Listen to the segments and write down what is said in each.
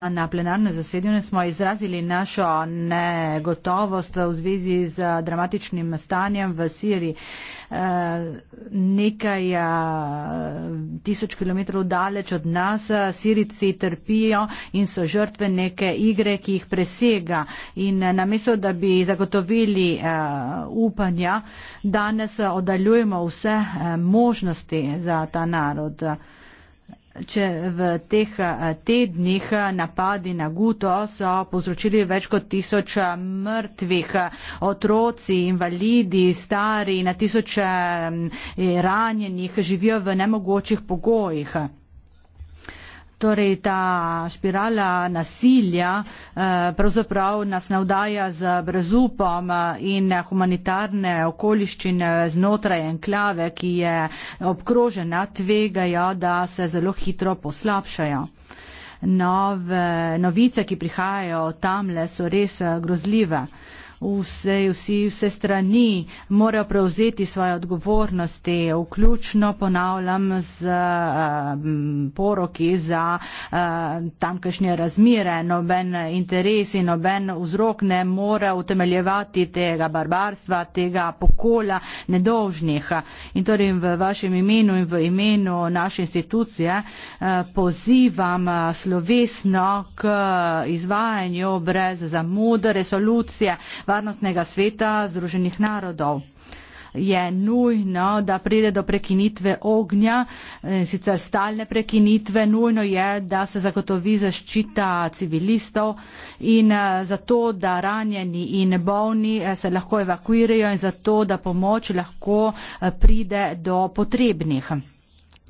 Na plenarnem zasedanju smo izrazili našo negotovost v zvezi z dramatičnim stanjem v Siriji. Eh, nekaj eh, tisoč kilometrov daleč od nas eh, Sirici trpijo in so žrtve neke igre, ki jih presega. In namesto, da bi zagotovili upanja, danes oddaljujemo vse možnosti za ta narod. Če v teh eh, tednih eh, napadi na Guto so povzročili več kot tisoč eh, mrtvih, otroci, invalidi, stari, na tisoče ranjenih živijo v nemogočih pogojih. Torej ta špirala nasilja eh, pravzaprav nas navdaja z brezupom eh, in humanitarne okoliščine znotraj enklave, ki je obkrožena, tvegajo, da se zelo hitro poslabšajo. Nove novice, ki prihajajo tamle, so res eh, grozljive vse, vsi, vse strani morajo prevzeti svoje odgovornosti, vključno ponavljam z um, poroki za um, tamkajšnje razmire. Noben interes in noben vzrok ne more utemeljevati tega barbarstva, tega pokola nedolžnih. In torej v vašem imenu in v imenu naše institucije uh, pozivam slovesno k izvajanju brez zamud resolucije varnostnega sveta Združenih narodov je nujno, da pride do prekinitve ognja, eh, sicer stalne prekinitve, nujno je, da se zagotovi zaščita civilistov in eh, zato, da ranjeni in bolni eh, se lahko evakuirajo in zato, da pomoč lahko pride do potrebnih.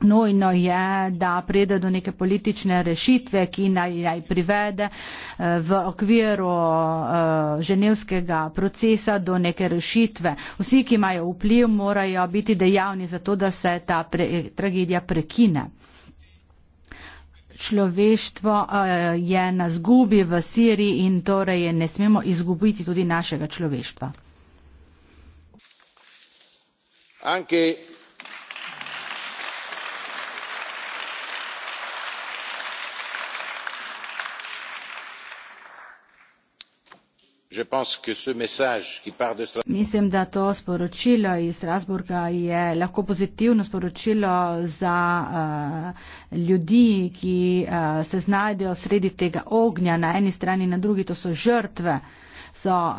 Nujno je, da pride do neke politične rešitve, ki naj, naj privede eh, v okviru eh, ženevskega procesa do neke rešitve. Vsi, ki imajo vpliv, morajo biti dejavni za to, da se ta pre, tragedija prekine. Človeštvo eh, je na zgubi v Siriji in torej ne smemo izgubiti tudi našega človeštva. Anke. Mislim, da to sporočilo iz Strasburga je lahko pozitivno sporočilo za uh, ljudi, ki uh, se znajdejo sredi tega ognja na eni strani, na drugi to so žrtve, so uh,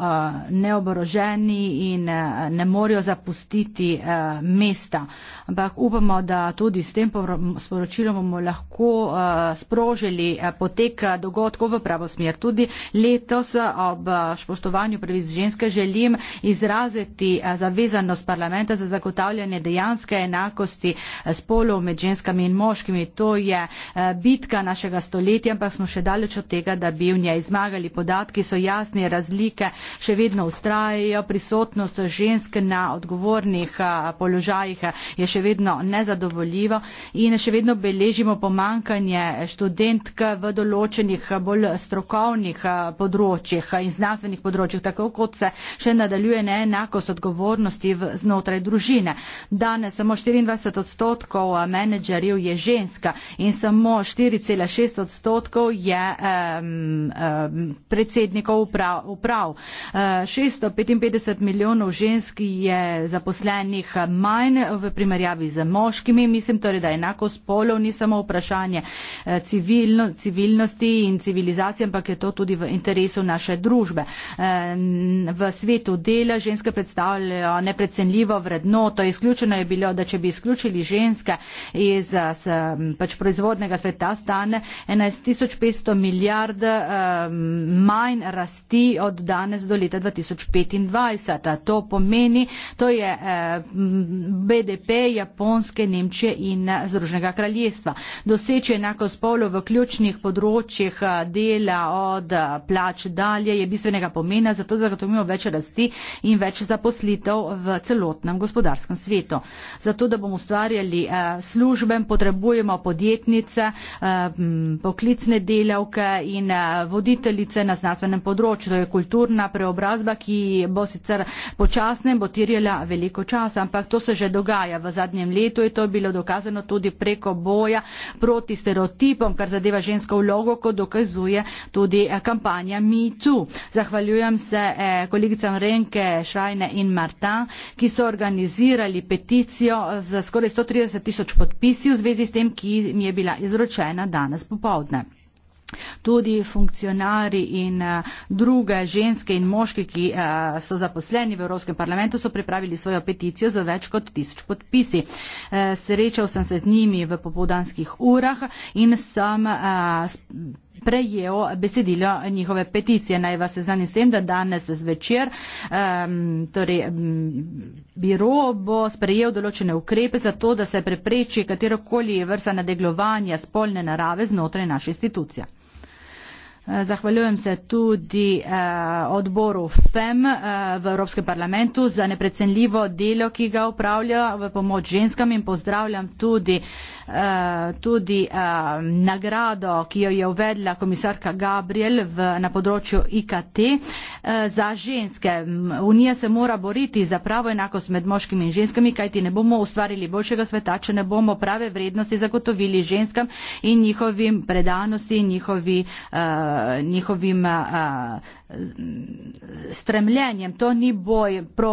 neoboroženi in uh, ne morejo zapustiti uh, mesta. Ampak upamo, da tudi s tem sporočilom bomo lahko uh, sprožili uh, potek dogodkov v pravo smer. Tudi letos ob uh, spoštovanju pravic ženske želim izraziti eh, zavezanost parlamenta za zagotavljanje dejanske enakosti eh, spolov med ženskami in moškimi. To je eh, bitka našega stoletja, ampak smo še daleč od tega, da bi v njej zmagali. Podatki so jasni, razlike še vedno ustrajajo, prisotnost žensk na odgovornih položajih je še vedno nezadovoljiva in še vedno beležimo pomankanje študentk v določenih bolj strokovnih področjih in znanstvenih znanstvenih področjih, tako kot se še nadaljuje neenakost odgovornosti znotraj družine. Danes samo 24 odstotkov eh, menedžerjev je ženska in samo 4,6 odstotkov je um, um, predsednikov uprav. uprav. Uh, 655 milijonov žensk je zaposlenih eh, manj v primerjavi z moškimi. Mislim torej, da enako spolov ni samo vprašanje eh, civilno, civilnosti in civilizacije, ampak je to tudi v interesu naše družbe. Uh, Eh, v svetu dela ženske predstavljajo neprecenljivo vrednoto. Izključeno je bilo, da če bi izključili ženske iz s, pač proizvodnega sveta, stane 11.500 milijard eh, manj rasti od danes do leta 2025. To pomeni, to je eh, BDP Japonske, Nemčije in Združenega kraljestva. Doseči enako spolo v ključnih področjih dela od plač dalje je bistvenega pomembna pomena, zato zagotovimo več rasti in več zaposlitev v celotnem gospodarskem svetu. Zato, da bomo ustvarjali eh, službe, potrebujemo podjetnice, eh, poklicne delavke in eh, voditeljice na znanstvenem področju. To je kulturna preobrazba, ki bo sicer počasna in bo tirjala veliko časa, ampak to se že dogaja. V zadnjem letu je to bilo dokazano tudi preko boja proti stereotipom, kar zadeva žensko vlogo, kot dokazuje tudi kampanja MeToo zahvaljujem se eh, kolegicam Renke, Šrajne in Marta, ki so organizirali peticijo eh, z skoraj 130 tisoč podpisi v zvezi s tem, ki mi je bila izročena danes popovdne. Tudi funkcionari in eh, druge ženske in moški, ki so zaposleni v Evropskem parlamentu, so pripravili svojo peticijo za več kot tisoč podpisi. Srečal sem se z njimi v popovdanskih urah in sem prejel besedilo njihove peticije. Naj vas seznanim s tem, da danes zvečer um, torej, um, biro bo sprejel določene ukrepe za to, da se prepreči katerokoli vrsta nadeglovanja spolne narave znotraj naše institucije. Zahvaljujem se tudi eh, odboru FEM eh, v Evropskem parlamentu za neprecenljivo delo, ki ga upravlja v pomoč ženskam in pozdravljam tudi, eh, tudi eh, nagrado, ki jo je uvedla komisarka Gabriel v, na področju IKT. Eh, Eh, za ženske. Unija se mora boriti za pravo enakost med moškimi in ženskami, kajti ne bomo ustvarili boljšega sveta, če ne bomo prave vrednosti zagotovili ženskam in njihovim predanosti in njihovi, uh, njihovim uh, stremljenjem, to ni boj pro,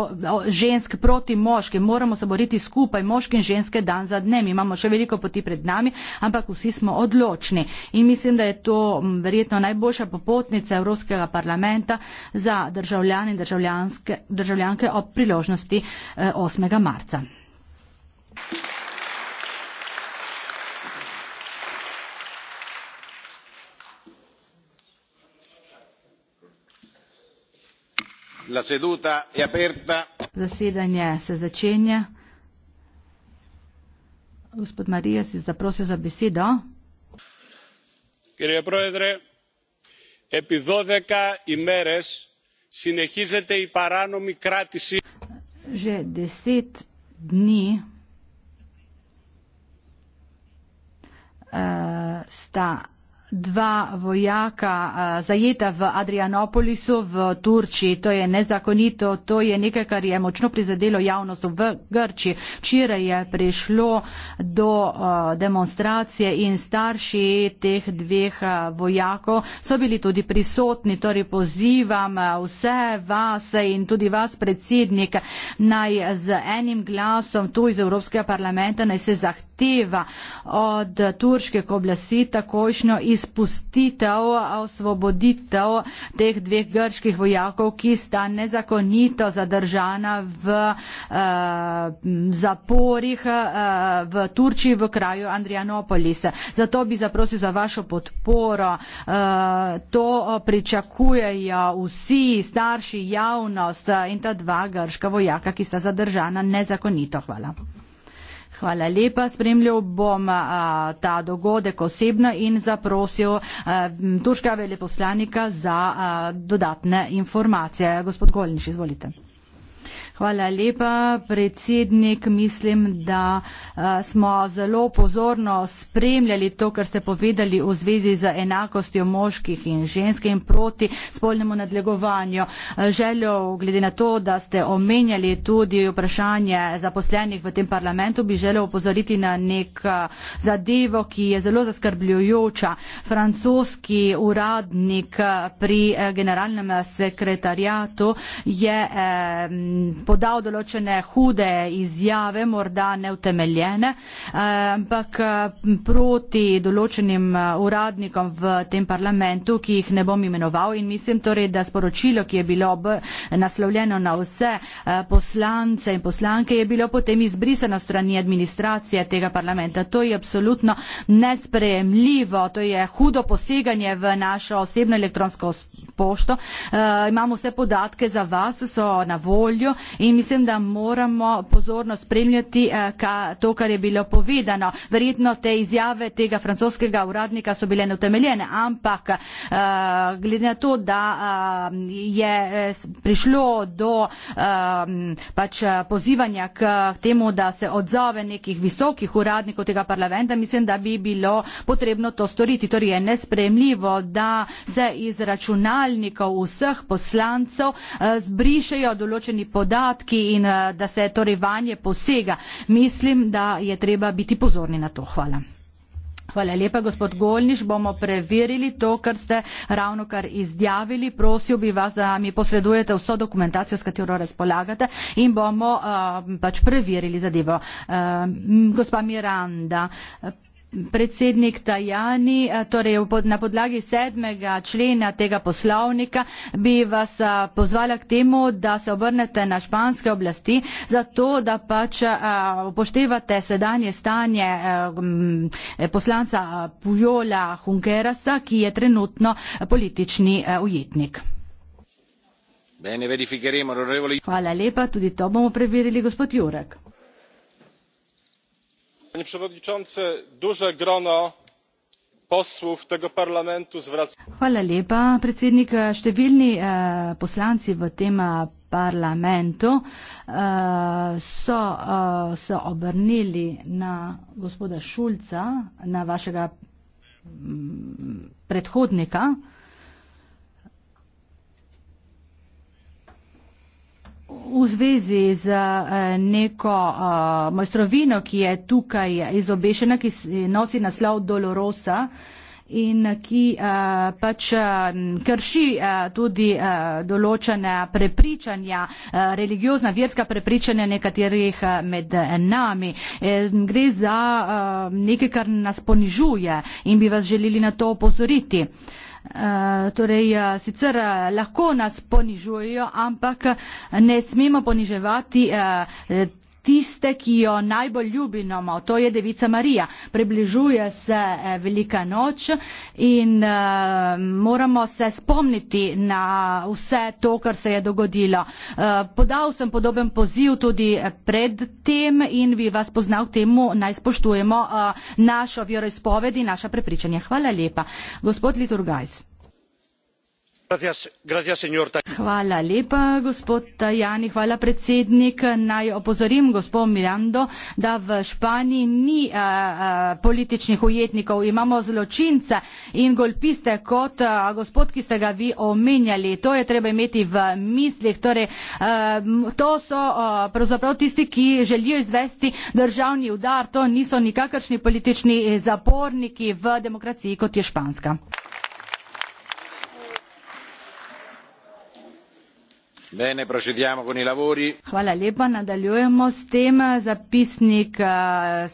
žensk proti moškim, moramo se boriti skupaj, moški in ženske dan za dnem, imamo še veliko poti pred nami, ampak vsi smo odločni in mislim, da je to verjetno najboljša popotnica Evropskega parlamenta za državljane in državljanke ob priložnosti 8. Eh, marca. Thank you. La seduta è aperta. Zasedanje se začenja. Gospod Marija, si zaprosil za besedo. Gospod predsednik, epi dvodeka imeres sinehizete i paranomi kratisi. Že deset dni uh, sta dva vojaka eh, zajeta v Adrianopolisu v Turčiji. To je nezakonito, to je nekaj, kar je močno prizadelo javnost v Grči. Včeraj je prišlo do eh, demonstracije in starši teh dveh eh, vojakov so bili tudi prisotni. Torej pozivam vse vas in tudi vas, predsednik, naj z enim glasom tu iz Evropskega parlamenta naj se zahteva od turške oblasti takošnjo izvedenje izpustitev, osvoboditev teh dveh grških vojakov, ki sta nezakonito zadržana v eh, zaporih eh, v Turčiji, v kraju Andrianopolis. Zato bi zaprosil za vašo podporo. Eh, to pričakujejo vsi starši, javnost in ta dva grška vojaka, ki sta zadržana nezakonito. Hvala. Hvala lepa, spremljal bom a, ta dogodek osebno in zaprosil turškega veleposlanika za a, dodatne informacije. Gospod Golniš, izvolite. Hvala lepa, predsednik. Mislim, da eh, smo zelo pozorno spremljali to, kar ste povedali v zvezi z enakostjo moških in žensk in proti spolnemu nadlegovanju. Eh, Željo, glede na to, da ste omenjali tudi vprašanje zaposlenih v tem parlamentu, bi želel opozoriti na nek eh, zadevo, ki je zelo zaskrbljujoča. Francoski uradnik pri generalnem sekretarjatu je podal določene hude izjave, morda neutemeljene, eh, ampak eh, proti določenim eh, uradnikom v tem parlamentu, ki jih ne bom imenoval in mislim torej, da sporočilo, ki je bilo naslovljeno na vse poslance in poslanke, je bilo potem izbrisano strani administracije tega parlamenta. To je absolutno nesprejemljivo, to je hudo poseganje v našo osebno elektronsko pošto. E, imamo vse podatke za vas, so na voljo in mislim, da moramo pozorno spremljati e, ka, to, kar je bilo povedano. Verjetno te izjave tega francoskega uradnika so bile neutemeljene, ampak e, glede na to, da e, je prišlo do e, pač pozivanja k temu, da se odzove nekih visokih uradnikov tega parlamenta, mislim, da bi bilo potrebno to storiti. Torej je nesprejemljivo, da se izračunajo računalnikov vseh poslancev eh, zbrišejo določeni podatki in eh, da se torej vanje posega. Mislim, da je treba biti pozorni na to. Hvala. Hvala lepa, gospod Golniš. Bomo preverili to, kar ste ravno kar izjavili. Prosil bi vas, da mi posredujete vso dokumentacijo, s katero razpolagate in bomo uh, pač preverili zadevo. Uh, gospa Miranda, predsednik Tajani, eh, torej na podlagi sedmega člena tega poslovnika bi vas eh, pozvala k temu, da se obrnete na španske oblasti, zato da pač eh, upoštevate sedanje stanje poslanca Pujola Junkerasa, ki je trenutno politični ujetnik. Hvala lepa, tudi to bomo preverili, gospod Jurek panie przewodniczący duże grono posłów tego parlamentu zwraca e, e, parlamentu e, so se obrnili na gospoda Schulza, na vašega predhodnika. V zvezi z eh, neko uh, mojstrovino, ki je tukaj izobešena, ki nosi naslov Dolorosa in ki uh, pač krši uh, tudi uh, določene prepričanja, uh, religiozna, verska prepričanja nekaterih uh, med nami. E, gre za uh, nekaj, kar nas ponižuje in bi vas želeli na to opozoriti. Uh, Eh, torej eh, sicer eh, lahko nas ponižujejo, ampak ne smemo poniževati tiste, ki jo najbolj ljubimo, to je Devica Marija. Približuje se eh, velika noč in uh, moramo se spomniti na vse to, kar se je dogodilo. Uh, podal sem podoben poziv tudi pred tem in bi vas poznal temu, naj spoštujemo uh, našo vjeroizpovedi, naša prepričanja. Hvala lepa. Gospod Liturgajc. Hvala lepa, gospod Tajani. Hvala, predsednik. Naj opozorim gospod Mirando, da v Španiji ni a, eh, a, eh, političnih ujetnikov. Imamo zločince in golpiste kot a, eh, gospod, ki ste ga vi omenjali. To je treba imeti v mislih. Torej, a, to so a, pravzaprav tisti, ki želijo izvesti državni udar. To niso nikakršni politični zaporniki v demokraciji, kot je španska. Bene, procediamo con i lavori. Hvala lepa, nadaljujemo s tem zapisnik. Eh,